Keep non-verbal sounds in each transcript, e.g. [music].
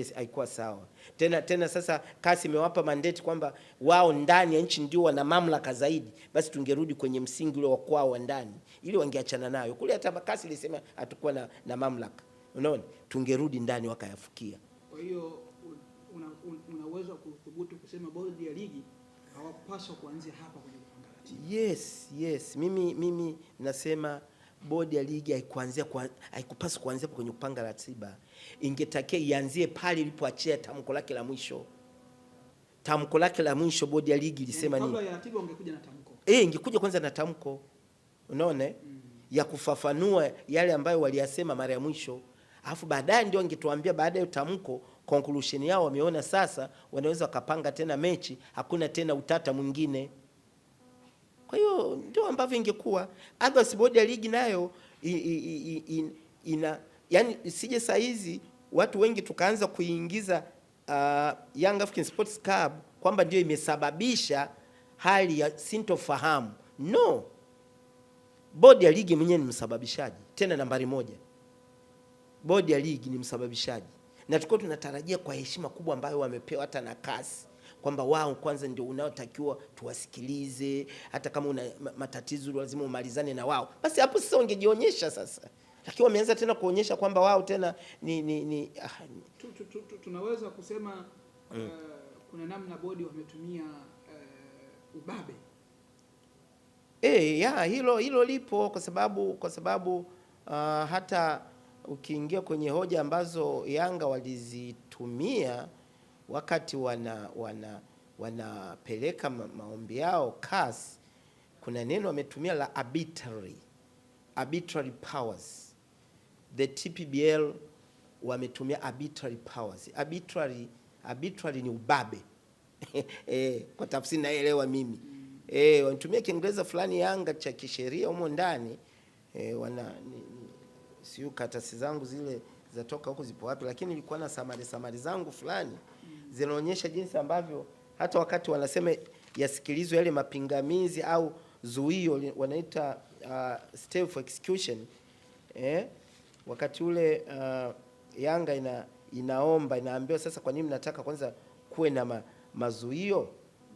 ile haikuwa sawa tena. Tena sasa kasi imewapa mandate kwamba wao ndani ya nchi ndio wana mamlaka zaidi, basi tungerudi kwenye msingi ule wa kwao wa ndani, ili wangeachana nayo kule. Hata kasi ilisema hatakuwa na, na mamlaka, unaona, tungerudi ndani wakayafukia. Kwa hiyo una, una uwezo kuthubutu kusema bodi ya ligi hawapaswa kuanzia hapa kwenye kupanga ratiba? Yes, yes, mimi mimi nasema bodi ya ligi haikuanzia, haikupaswa kuanzia kwenye kupanga ratiba ingetakia ianzie pale ilipoachia tamko lake la mwisho. Tamko lake la mwisho bodi ya ligi ilisema yaani nini? Kabla ya ratiba ungekuja na tamko. Eh, ingekuja kwanza na tamko. Unaona? Mm. Ya kufafanua yale ambayo waliyasema mara ya mwisho. Alafu baadaye ndio angetuambia baada ya tamko conclusion yao wameona sasa wanaweza wakapanga tena mechi, hakuna tena utata mwingine. Kwa hiyo ndio ambavyo ingekuwa. Bodi ya ligi nayo ina yani isije saa hizi watu wengi tukaanza kuingiza uh, Young African Sports Club kwamba ndio imesababisha hali ya sintofahamu. No, bodi ya ligi mwenyewe ni msababishaji, tena nambari moja. Bodi ya ligi ni msababishaji, na tuko tunatarajia kwa heshima kubwa ambayo wamepewa hata na kasi kwamba wao kwanza ndio unaotakiwa tuwasikilize, hata kama una matatizo lazima umalizane na wao. Basi hapo sasa ungejionyesha sasa lakini wameanza tena kuonyesha kwamba wao tena ni, ni, ni, ah, ni. Tunaweza kusema uh, kuna namna bodi wametumia uh, ubabe e, ya, hilo hilo lipo kwa sababu kwa sababu uh, hata ukiingia kwenye hoja ambazo Yanga walizitumia wakati wana wana wanapeleka maombi yao CAS, kuna neno wametumia la arbitrary, arbitrary powers the TPBL wametumia arbitrary powers. Arbitrary, arbitrary ni ubabe [laughs] eh, kwa tafsiri naelewa mimi eh, wanatumia Kiingereza fulani Yanga cha kisheria humo ndani eh, wana siu katasi zangu zile zatoka huko zipo wapi, lakini nilikuwa na samari samari zangu fulani zinaonyesha jinsi ambavyo hata wakati wanasema yasikilizwe yale mapingamizi au zuio wanaita uh, stay for execution eh? wakati ule uh, Yanga ina, inaomba inaambiwa sasa, kwa nini mnataka kwanza kuwe na ma, mazuio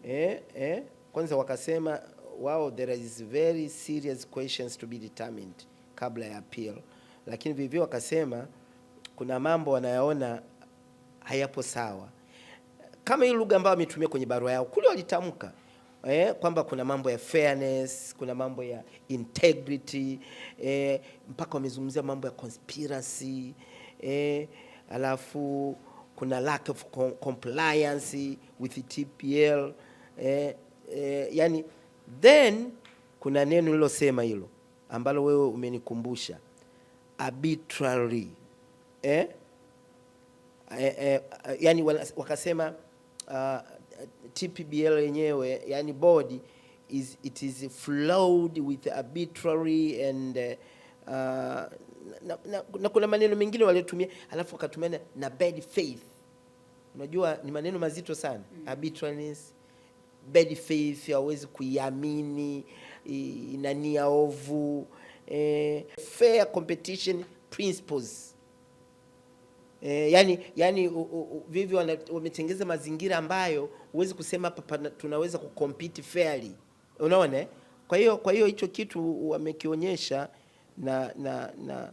eh, eh? Kwanza wakasema wao there is very serious questions to be determined kabla ya appeal, lakini vivyo wakasema kuna mambo wanayaona hayapo sawa, kama hii lugha ambayo ametumia kwenye barua yao kule walitamka eh, kwamba kuna mambo ya fairness, kuna mambo ya integrity eh, mpaka wamezungumzia mambo ya conspiracy eh, alafu kuna lack of compliance with the TPL eh, eh, yani then kuna neno lilosema hilo ambalo wewe umenikumbusha arbitrary eh? Eh, eh, yani wakasema uh, TPBL yenyewe yani board is, it is flowed with arbitrary and uh, na, na, na, na kuna maneno mengine waliotumia, alafu wakatumia na bad faith. Unajua ni maneno mazito sana mm. Arbitrariness, bad faith, hawezi kuiamini, ina nia ovu eh, fair competition principles E, yani, yani vivyo wametengeza mazingira ambayo huwezi kusema papa, tunaweza kucompete fairly, unaona. Eh? Kwa hiyo kwa hiyo hicho kitu wamekionyesha na, na, na,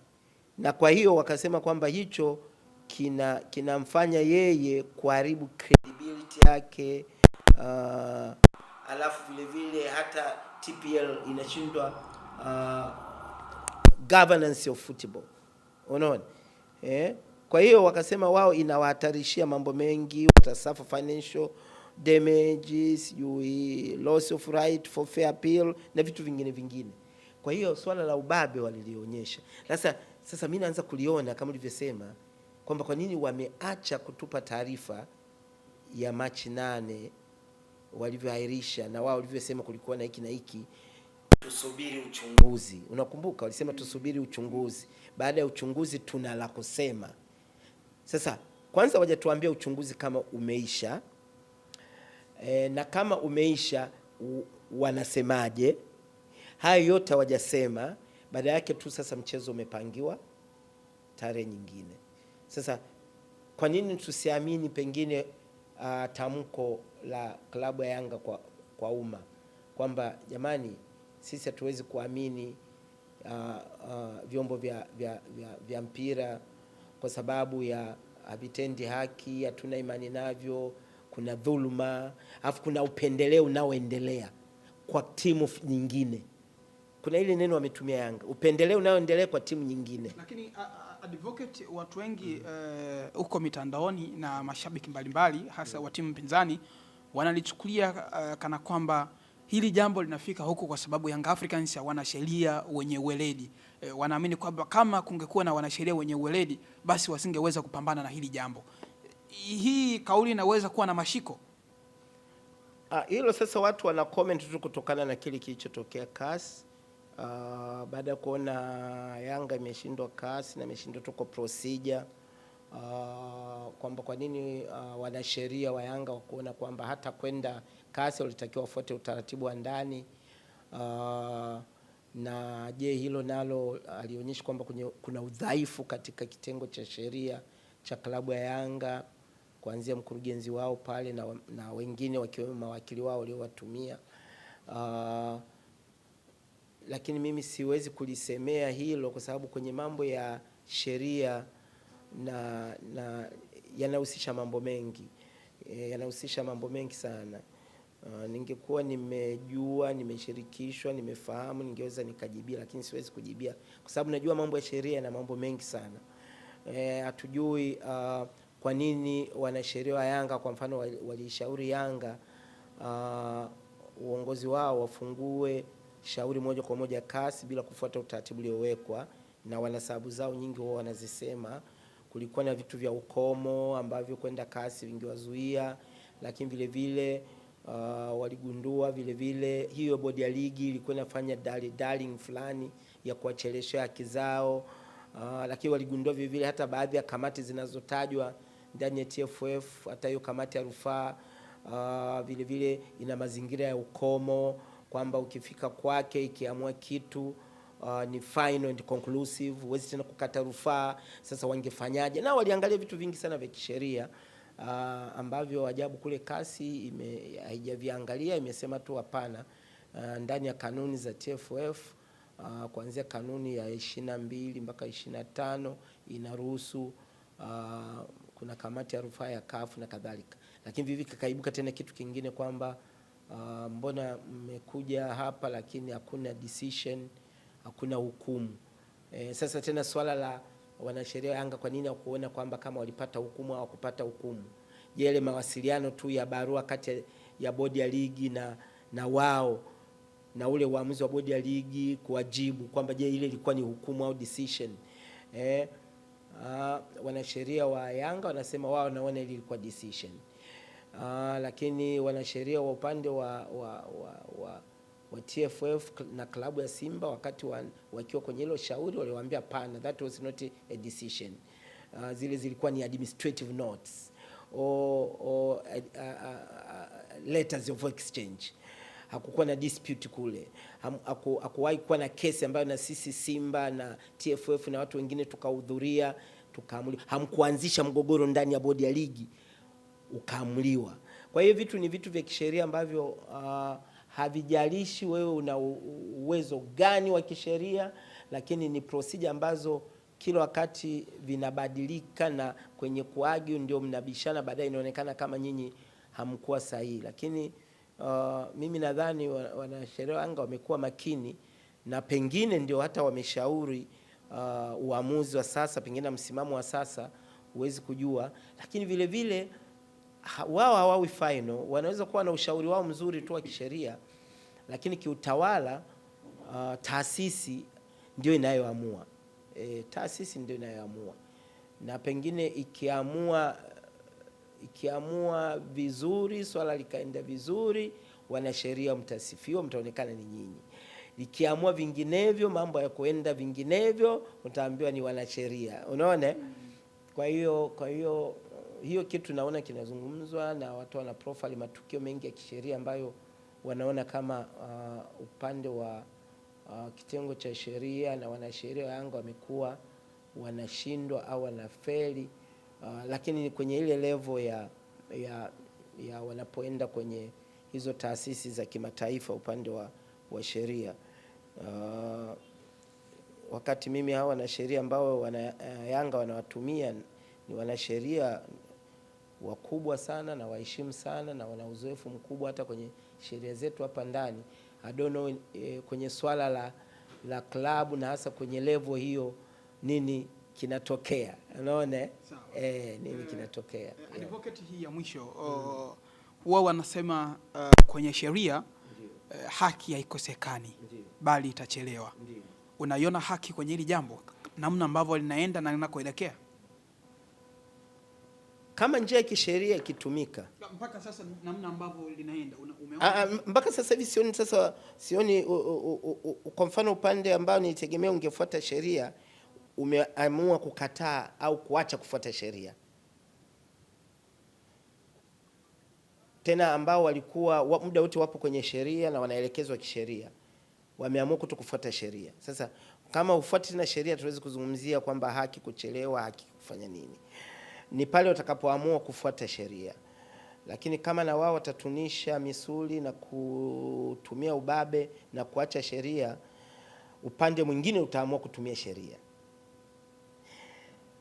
na kwa hiyo wakasema kwamba hicho kina kinamfanya yeye kuharibu credibility yake uh, alafu vilevile hata TPL inashindwa uh, governance of football unaona eh? Kwa hiyo wakasema wao inawahatarishia mambo mengi, watasuffer financial damage, sijui loss of right for fair appeal na vitu vingine vingine. Kwa hiyo swala la ubabe walilionyesha. Sasa sasa mimi naanza kuliona kama ulivyosema kwamba kwa nini wameacha kutupa taarifa ya Machi nane walivyoahirisha, na wao walivyosema kulikuwa na hiki na hiki, tusubiri uchunguzi. Unakumbuka walisema tusubiri uchunguzi, baada ya uchunguzi tuna la kusema. Sasa kwanza wajatuambia uchunguzi kama umeisha e, na kama umeisha u, wanasemaje? Hayo yote hawajasema. Baada yake tu sasa mchezo umepangiwa tarehe nyingine. Sasa kwa nini tusiamini pengine uh, tamko la klabu ya Yanga kwa, kwa umma kwamba jamani, sisi hatuwezi kuamini uh, uh, vyombo vya, vya, vya, vya mpira kwa sababu ya havitendi haki, hatuna imani navyo, kuna dhuluma, alafu kuna upendeleo unaoendelea kwa timu nyingine. Kuna ile neno wametumia Yanga, upendeleo unaoendelea kwa timu nyingine. Lakini advocate, watu wengi eh, huko uh, mitandaoni na mashabiki mbalimbali hasa wa timu pinzani wanalichukulia uh, kana kwamba hili jambo linafika huku kwa sababu Young Africans hawana sheria wenye uweledi e, wanaamini kwamba kama kungekuwa na wanasheria wenye uweledi basi wasingeweza kupambana na hili jambo. Hii kauli inaweza kuwa na mashiko ah, hilo. sasa watu wana comment tu kutokana na kile kilichotokea CAS uh, baada ya kuona Yanga imeshindwa CAS na imeshindwa tu kwa procedure uh, kwamba kwa nini uh, wanasheria wa Yanga wakuona kwamba hata kwenda kasi walitakiwa wafuate utaratibu wa ndani uh, na je, hilo nalo alionyesha kwamba kuna udhaifu katika kitengo cha sheria cha klabu ya Yanga kuanzia mkurugenzi wao pale na, na wengine wakiwemo mawakili wao waliowatumia. Uh, lakini mimi siwezi kulisemea hilo kwa sababu kwenye mambo ya sheria na, na yanahusisha mambo mengi, eh, yanahusisha mambo mengi sana. Ah, ningekuwa nimejua, nimeshirikishwa, nimefahamu, ningeweza nikajibia, lakini siwezi kujibia kwa sababu najua mambo ya sheria na mambo mengi sana. Eh, hatujui uh, kwa nini wanasheria wa Yanga kwa mfano walishauri Yanga uh, uongozi wao wafungue shauri moja kwa moja kasi bila kufuata utaratibu uliowekwa, na wana sababu zao nyingi wao wanazisema. Kulikuwa na vitu vya ukomo ambavyo kwenda kasi vingewazuia, lakini vile vile uh, waligundua vile vile hiyo bodi ya ligi ilikuwa inafanya darling fulani ya kuwachelesha haki zao. Uh, lakini waligundua vile vile hata baadhi ya kamati zinazotajwa ndani ya TFF hata hiyo kamati ya rufaa uh, vile vile ina mazingira ya ukomo kwamba ukifika kwake ikiamua kitu uh, ni final and conclusive, huwezi tena kukata rufaa. Sasa wangefanyaje? Na waliangalia vitu vingi sana vya kisheria uh, ambavyo ajabu kule kasi haijaviangalia imesema tu hapana. Uh, ndani ya kanuni za TFF uh, ah, kuanzia kanuni ya ishirini na mbili mpaka ishirini na tano inaruhusu uh, kuna kamati ya rufaa ya kafu na kadhalika, lakini vivi kakaibuka tena kitu kingine kwamba uh, mbona mmekuja hapa lakini hakuna decision, hakuna hukumu. E, sasa tena swala la wanasheria Yanga kwa nini hakuona kwamba kama walipata hukumu au kupata hukumu? Je, ile mawasiliano tu ya barua kati ya bodi ya ligi na na wao na ule uamuzi wa bodi ya ligi kuwajibu kwamba je, ile ilikuwa ni hukumu au decision? Eh, uh, wanasheria wa Yanga wanasema wao wanaona ile ilikuwa decision. Uh, lakini wanasheria wa upande wa, wa, wa, wa wa TFF na klabu ya Simba wakati wa, wakiwa kwenye hilo shauri waliwaambia pana, that was not a decision. Uh, zile zilikuwa ni administrative notes or, or, uh, uh, letters of exchange. Hakukuwa na dispute kule, hakuwahi kuwa na kesi ambayo na sisi Simba na TFF na watu wengine tukahudhuria tukaamuliwa. Hamkuanzisha mgogoro ndani ya bodi ya ligi ukaamuliwa. Kwa hiyo vitu ni vitu vya kisheria ambavyo uh, havijalishi wewe una uwezo gani wa kisheria, lakini ni prosija ambazo kila wakati vinabadilika, na kwenye kuagiu ndio mnabishana, baadaye inaonekana kama nyinyi hamkuwa sahihi. Lakini uh, mimi nadhani wanasheria wanga wamekuwa makini na pengine ndio hata wameshauri uh, uamuzi wa sasa, pengine na msimamo wa sasa huwezi kujua, lakini vile vile wao hawawi final, wanaweza kuwa na ushauri wao mzuri tu wa kisheria, lakini kiutawala uh, taasisi ndio inayoamua e, taasisi ndio inayoamua na pengine ikiamua ikiamua vizuri, swala likaenda vizuri, wanasheria mtasifiwa, mtaonekana ni nyinyi. Ikiamua vinginevyo, mambo ya kuenda vinginevyo, utaambiwa ni wanasheria. Unaona, kwa hiyo kwa hiyo hiyo kitu naona kinazungumzwa na watu wana profile matukio mengi ya kisheria ambayo wanaona kama uh, upande wa uh, kitengo cha sheria na wanasheria wa wamekuwa wanashindwa au wanafeli uh, lakini kwenye ile level ya, ya, ya wanapoenda kwenye hizo taasisi za kimataifa upande wa, wa sheria uh, wakati mimi hawa wanasheria ambao wana, uh, Yanga wanawatumia ni wanasheria wakubwa sana na waheshimu sana na wana uzoefu mkubwa hata kwenye sheria zetu hapa ndani. I don't know eh, kwenye swala la la klabu na hasa kwenye level hiyo nini kinatokea, unaona eh, nini eh, kinatokea eh, yeah. Advocate hii ya mwisho oh, mm-hmm. huwa mm. wanasema uh, kwenye sheria uh, haki haikosekani bali itachelewa. Unaiona haki kwenye hili jambo namna ambavyo linaenda na linakoelekea? kama njia ya kisheria ikitumika. Mpaka sasa namna ambavyo linaenda umeona, ah, ah, mpaka sasa hivi sioni, sasa sioni. Kwa mfano upande ambao nitegemea ungefuata sheria umeamua kukataa au kuacha kufuata sheria, tena ambao walikuwa muda wote wapo kwenye sheria na wanaelekezwa kisheria, wameamua kuto kufuata sheria. Sasa kama ufuati tena sheria, tuwezi kuzungumzia kwamba haki kuchelewa, haki kufanya nini ni pale watakapoamua kufuata sheria, lakini kama na wao watatunisha misuli na kutumia ubabe na kuacha sheria, upande mwingine utaamua kutumia sheria.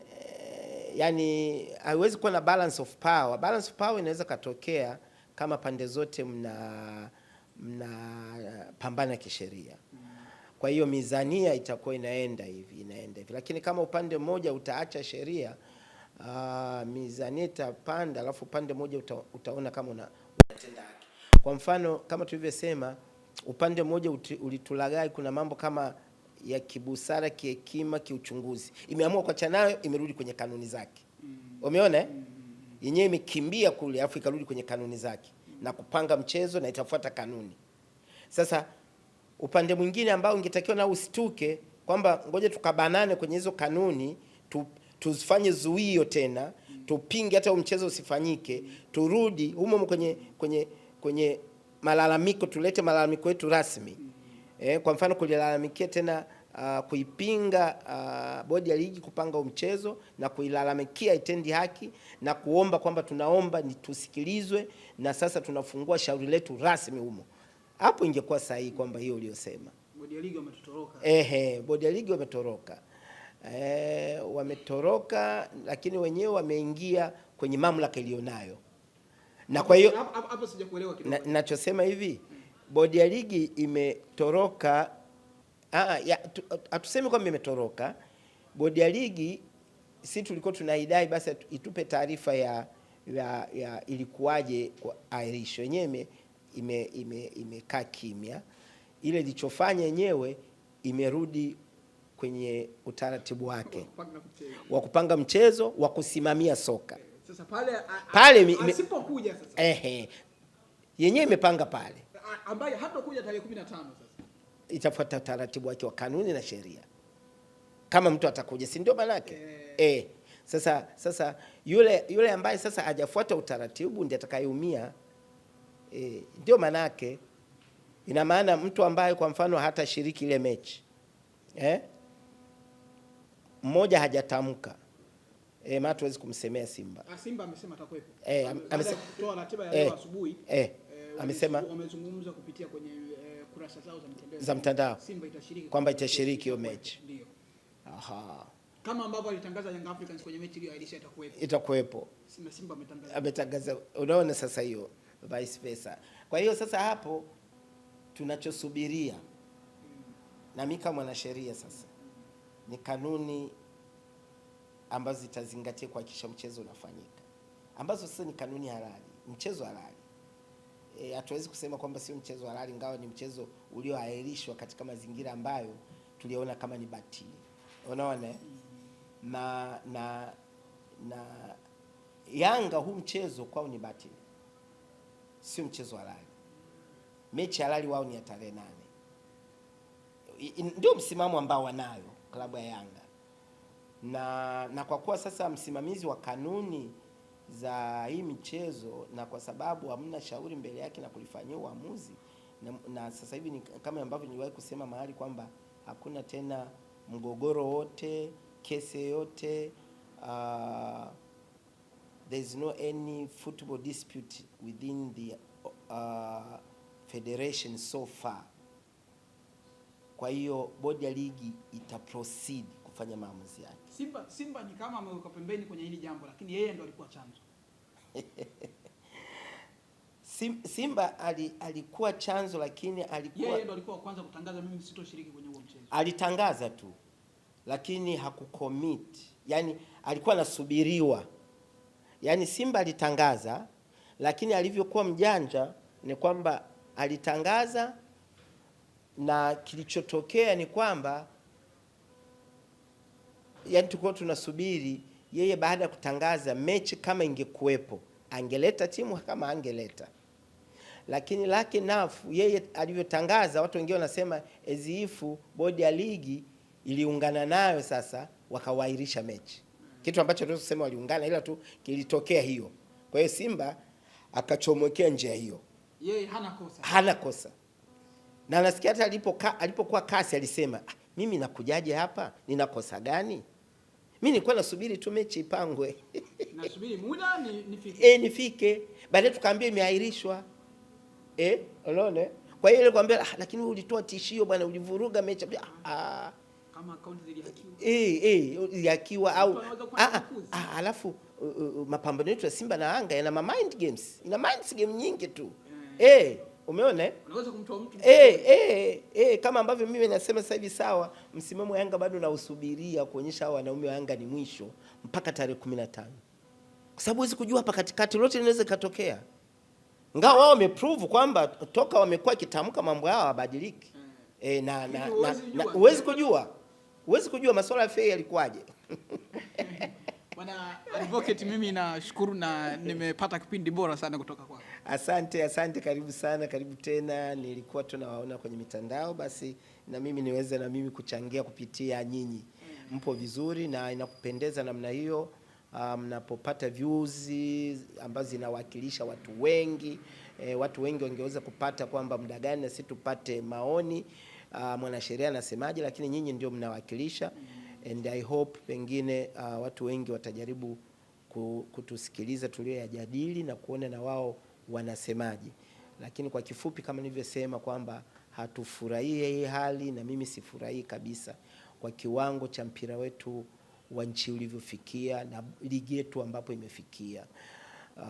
E, yani haiwezi kuwa na balance of power. Balance of power inaweza katokea kama pande zote mna mnapambana kisheria. Kwa hiyo mizania itakuwa inaenda hivi inaenda hivi, lakini kama upande mmoja utaacha sheria uh, ah, mizaneta itapanda, alafu upande mmoja uta, utaona kama una, unatenda haki. Kwa mfano kama tulivyosema, upande mmoja ulitulagai, kuna mambo kama ya kibusara, kihekima, kiuchunguzi, imeamua kuachana nayo, imerudi kwenye kanuni zake. Mm. Umeona eh? mm, mm, yenyewe imekimbia kule, alafu ikarudi kwenye kanuni zake na kupanga mchezo na itafuata kanuni. Sasa upande mwingine ambao ungetakiwa na usituke kwamba ngoja tukabanane kwenye hizo kanuni tufanye zuio tena, tupinge hata mchezo usifanyike, turudi humo kwenye, kwenye, kwenye malalamiko, tulete malalamiko yetu rasmi eh, kwa mfano kulilalamikia tena Uh, kuipinga uh, bodi ya ligi kupanga mchezo na kuilalamikia itendi haki na kuomba kwamba tunaomba ni tusikilizwe, na sasa tunafungua shauri letu rasmi humo. Hapo ingekuwa sahihi kwamba hiyo uliyosema bodi ya ligi wametoroka, ehe, bodi ya ligi wametoroka eh, wametoroka, lakini wenyewe wameingia kwenye mamlaka iliyonayo na kwa hiyo hapo sijakuelewa kidogo. Ninachosema hivi bodi ya ligi imetoroka, ah, ah, hatusemi kwamba imetoroka bodi ya ligi. Si tulikuwa tunaidai basi itupe taarifa ya, ya, ya ilikuwaje kwa airisho yenyewe, imekaa ime, ime kimya. Ile ilichofanya yenyewe imerudi kwenye utaratibu wake wa kupanga mchezo wa kusimamia soka sasa pale, pale asipokuja sasa. Ehe, yenyewe imepanga pale ambaye hatakuja tarehe 15 sasa itafuata utaratibu wake wa kanuni na sheria, kama mtu atakuja, si ndio maana yake eh? E, sasa sasa yule, yule ambaye sasa hajafuata utaratibu ndiye atakayeumia e, ndio maana yake. Ina maana mtu ambaye kwa mfano hata shiriki ile mechi eh? mmoja hajatamka eh, maana tuwezi kumsemea Simba. Ah, Simba amesema atakuwepo. Eh, am, amesema kutoa ratiba ya eh, leo asubuhi. Eh, eh amesema wamezungumza kupitia kwenye e, kurasa zao za mtandao. Za mtandao. Simba itashiriki kwamba itashiriki hiyo mechi. Ndio. Aha. Kama ambavyo alitangaza Young Africans kwenye mechi hiyo alisha itakuwepo. Itakuwepo. Simba Simba ametangaza. Ametangaza. Unaona sasa hiyo vice versa. Kwa hiyo sasa hapo tunachosubiria hmm. Na mimi kama mwanasheria sasa ni kanuni ambazo zitazingatia kuhakikisha mchezo unafanyika, ambazo sasa ni kanuni halali, mchezo halali. E, hatuwezi e, kusema kwamba sio mchezo halali, ingawa ni mchezo ulioahirishwa katika mazingira ambayo tuliona kama ni batili, unaona eh? na na na Yanga huu mchezo kwao ni batili, sio mchezo halali. Mechi halali wao ni ya tarehe nane, ndio msimamo ambao wanayo klabu ya Yanga na, na kwa kuwa sasa msimamizi wa kanuni za hii michezo na kwa sababu hamna shauri mbele yake na kulifanyia uamuzi na, na sasa hivi ni kama ambavyo niliwahi kusema mahali kwamba hakuna tena mgogoro wote, kesi yote, uh, ah, there is no any football dispute within the uh, federation so far kwa hiyo bodi ya ligi ita proceed kufanya maamuzi yake. Simba, Simba ni kama ameweka pembeni kwenye hili jambo, lakini yeye ndo alikuwa chanzo [laughs] Simba ali, alikuwa chanzo lakini alikuwa yeye ndo alikuwa kwanza kutangaza mimi sitoshiriki kwenye huo mchezo. Alitangaza tu lakini hakukomit, yaani alikuwa anasubiriwa. Yaani Simba alitangaza, lakini alivyokuwa mjanja ni kwamba alitangaza na kilichotokea ni kwamba yani, tulikuwa tunasubiri yeye baada ya kutangaza mechi, kama ingekuwepo angeleta timu kama angeleta, lakini lake nafu yeye alivyotangaza, watu wengine wanasema eziifu bodi ya ligi iliungana nayo, sasa wakawairisha mechi, kitu ambacho tunaweza kusema waliungana, ila tu kilitokea hiyo. Kwa hiyo Simba akachomwekea njia hiyo, yeye hana kosa, hana kosa na nasikia hata alipokuwa kasi alisema, ah, mimi nakujaje hapa, ninakosa gani? Mimi nilikuwa nasubiri tu mechi ipangwe [laughs] nasubiri muda ni, nifike. E, nifike baadaye tukaambia imeahirishwa e, unaona. Kwa hiyo ile kwambia, ah, lakini wewe ulitoa tishio bwana, ulivuruga mechi ah, ah. kama akaunti zilihakiwa eh eh zilihakiwa au ah, ah, ah, alafu uh, uh, mapambano yetu ya Simba na Yanga yana mind games, ina mind games nyingi tu eh yeah. e. Umeona eh? Unaweza kumtoa mtu eh, eh, eh, kama ambavyo mimi nasema sasa hivi, sawa, msimamo wa Yanga bado nausubiria kuonyesha hao wanaume wa Yanga ni mwisho mpaka tarehe 15, kwa sababu huwezi kujua hapa katikati lote linaweza katokea, ngao wao wameprove kwamba toka wamekuwa kitamka mambo yao hawabadiliki. Mm. Eh, na huwezi kujua, huwezi kujua masuala ya fei yalikuwaje [laughs] Bwana Advocate, mimi nashukuru na nimepata kipindi bora sana kutoka kwako. Asante, asante, karibu sana, karibu tena. Nilikuwa tunawaona kwenye mitandao, basi na mimi niweze na mimi kuchangia kupitia nyinyi. Mm. Mpo vizuri na inakupendeza namna hiyo ah, mnapopata um, views ambazo zinawakilisha watu wengi e, watu wengi wangeweza kupata kwamba muda gani na sisi tupate maoni uh, mwanasheria anasemaje, lakini nyinyi ndio mnawakilisha mm and I hope pengine uh, watu wengi watajaribu kutusikiliza tulioyajadili na kuona na wao wanasemaje, lakini kwa kifupi, kama nilivyosema kwamba hatufurahii hii hali, na mimi sifurahii kabisa kwa kiwango cha mpira wetu wa nchi ulivyofikia na ligi yetu ambapo imefikia. Uh,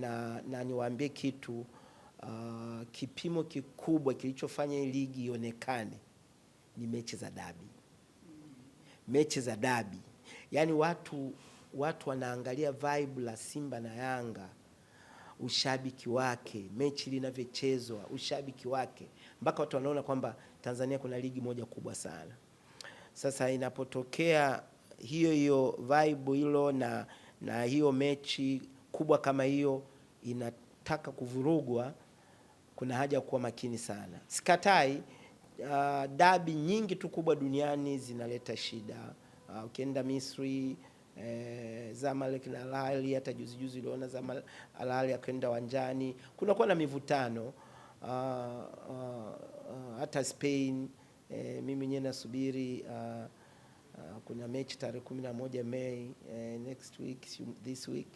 na, na niwaambie kitu uh, kipimo kikubwa kilichofanya hii ligi ionekane ni mechi za dabi mechi za dabi, yaani watu watu wanaangalia vibe la Simba na Yanga, ushabiki wake, mechi linavyochezwa, ushabiki wake, mpaka watu wanaona kwamba Tanzania kuna ligi moja kubwa sana. Sasa inapotokea hiyo hiyo vibe hilo na, na hiyo mechi kubwa kama hiyo inataka kuvurugwa, kuna haja ya kuwa makini sana. Sikatai uh, dabi nyingi tu kubwa duniani zinaleta shida. Uh, ukienda Misri eh, Zamalek na Al Ahly, hata juzi juzi uliona Zamalek Al Ahly akaenda wanjani, kunakuwa na mivutano uh, uh, uh, hata Spain eh, mimi mwenyewe nasubiri uh, uh, kuna mechi tarehe 11 Mei eh, next week this week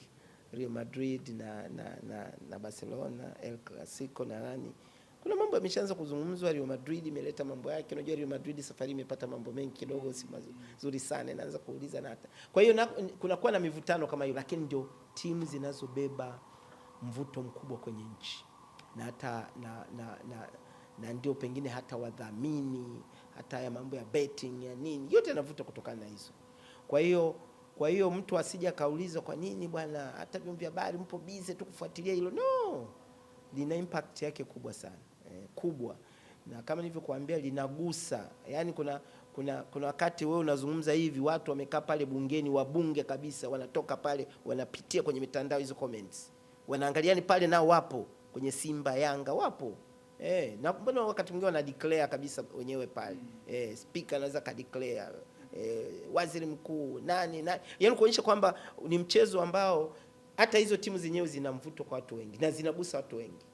Real Madrid na, na, na, na Barcelona El Clasico na nani kuna mambo yameshaanza kuzungumzwa. Real Madrid imeleta mambo yake. Unajua Real Madrid safari imepata mambo mengi kidogo, si mazuri sana, inaanza kuuliza na hata kwa hiyo kunakuwa na mivutano kama hiyo, lakini ndio timu zinazobeba mvuto mkubwa kwenye nchi na hata na, na, na, na na ndio pengine hata wadhamini hata ya mambo ya betting ya nini yote yanavuta kutokana na hizo. Kwa hiyo kwa hiyo mtu asija kauliza kwa nini bwana, hata vyombo vya habari mpo bize tu kufuatilia hilo. No, lina impact yake kubwa sana kubwa, na kama nilivyokuambia linagusa, yani kuna kuna kuna wakati wewe unazungumza hivi, watu wamekaa pale bungeni, wabunge kabisa, wanatoka pale wanapitia kwenye mitandao hizo comments, wanaangaliani yaani pale, nao wapo kwenye Simba Yanga wapo eh, na mbona wakati mwingine wana declare kabisa wenyewe pale eh, speaker anaweza ka declare eh, waziri mkuu nani na yani, yaani kuonyesha kwamba ni mchezo ambao hata hizo timu zenyewe zina mvuto kwa watu wengi na zinagusa watu wengi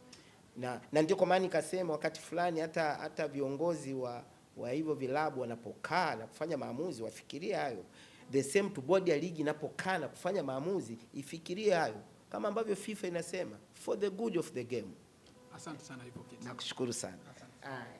na, na ndio kwa maana nikasema wakati fulani hata, hata viongozi wa, wa hivyo vilabu wanapokaa na kufanya maamuzi wafikirie hayo, the same to bodi ya ligi inapokaa na kufanya maamuzi ifikirie hayo kama ambavyo FIFA inasema for the good of the game. Asante sana, nakushukuru sana.